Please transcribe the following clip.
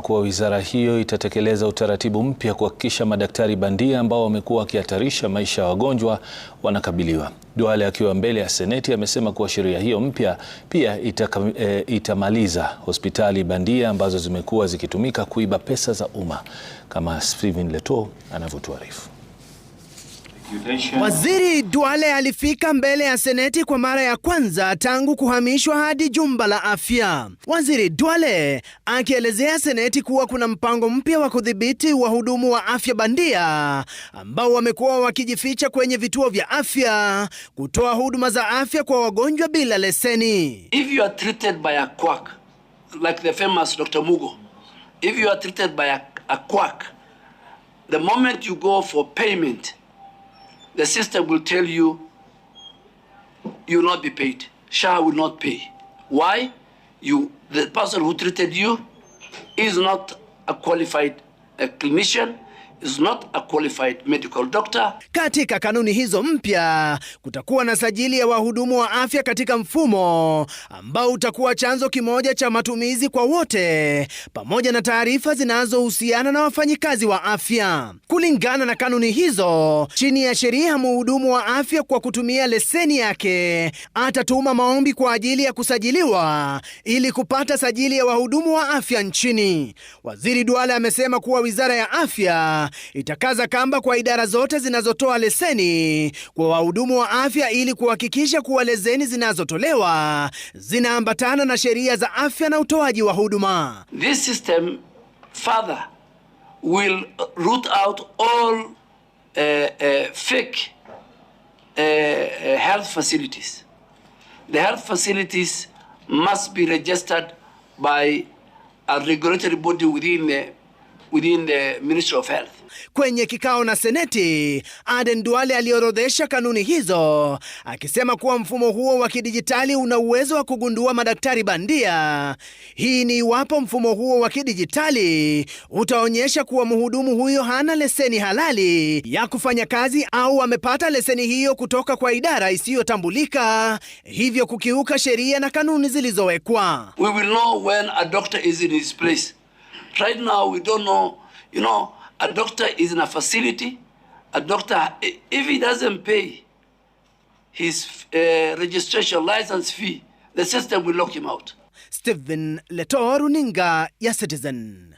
kuwa wizara hiyo itatekeleza utaratibu mpya kuhakikisha madaktari bandia ambao wamekuwa wakihatarisha maisha ya wagonjwa wanakabiliwa. Duale akiwa mbele ya Seneti amesema kuwa sheria hiyo mpya pia itaka, e, itamaliza hospitali bandia ambazo zimekuwa zikitumika kuiba pesa za umma, kama Stephen Leto anavyotuarifu. Waziri Duale alifika mbele ya Seneti kwa mara ya kwanza tangu kuhamishwa hadi jumba la afya. Waziri Duale akielezea Seneti kuwa kuna mpango mpya wa kudhibiti wahudumu wa afya bandia ambao wamekuwa wakijificha kwenye vituo vya afya kutoa huduma za afya kwa wagonjwa bila leseni. If you are treated by a quack, like the famous Dr. Mugo, if you are treated by a, a quack, the moment you go for payment The system will tell you, you will not be paid. Shah will not pay. Why? You, the person who treated you is not a qualified a clinician is not a qualified medical doctor. Katika kanuni hizo mpya kutakuwa na sajili ya wahudumu wa afya katika mfumo ambao utakuwa chanzo kimoja cha matumizi kwa wote pamoja na taarifa zinazohusiana na wafanyikazi wa afya. Kulingana na kanuni hizo, chini ya sheria, mhudumu wa afya kwa kutumia leseni yake atatuma maombi kwa ajili ya kusajiliwa ili kupata sajili ya wahudumu wa afya nchini. Waziri Duale amesema kuwa Wizara ya Afya itakaza kamba kwa idara zote zinazotoa leseni kwa wahudumu wa afya ili kuhakikisha kuwa leseni zinazotolewa zinaambatana na sheria za afya na utoaji wa huduma. This system further will root out all uh, uh, fake uh, health facilities. The health facilities must be registered by a regulatory body within the within the Ministry of Health. Kwenye kikao na Seneti, Aden Duale aliorodhesha kanuni hizo akisema kuwa mfumo huo wa kidijitali una uwezo wa kugundua madaktari bandia. Hii ni iwapo mfumo huo wa kidijitali utaonyesha kuwa mhudumu huyo hana leseni halali ya kufanya kazi au amepata leseni hiyo kutoka kwa idara isiyotambulika, hivyo kukiuka sheria na kanuni zilizowekwa. We will know when a doctor is in his place. Right now, we don't know, you know, a doctor is in a facility. A doctor, if he doesn't pay his uh, registration license fee, the system will lock him out. Stephen letoruninga ya Citizen.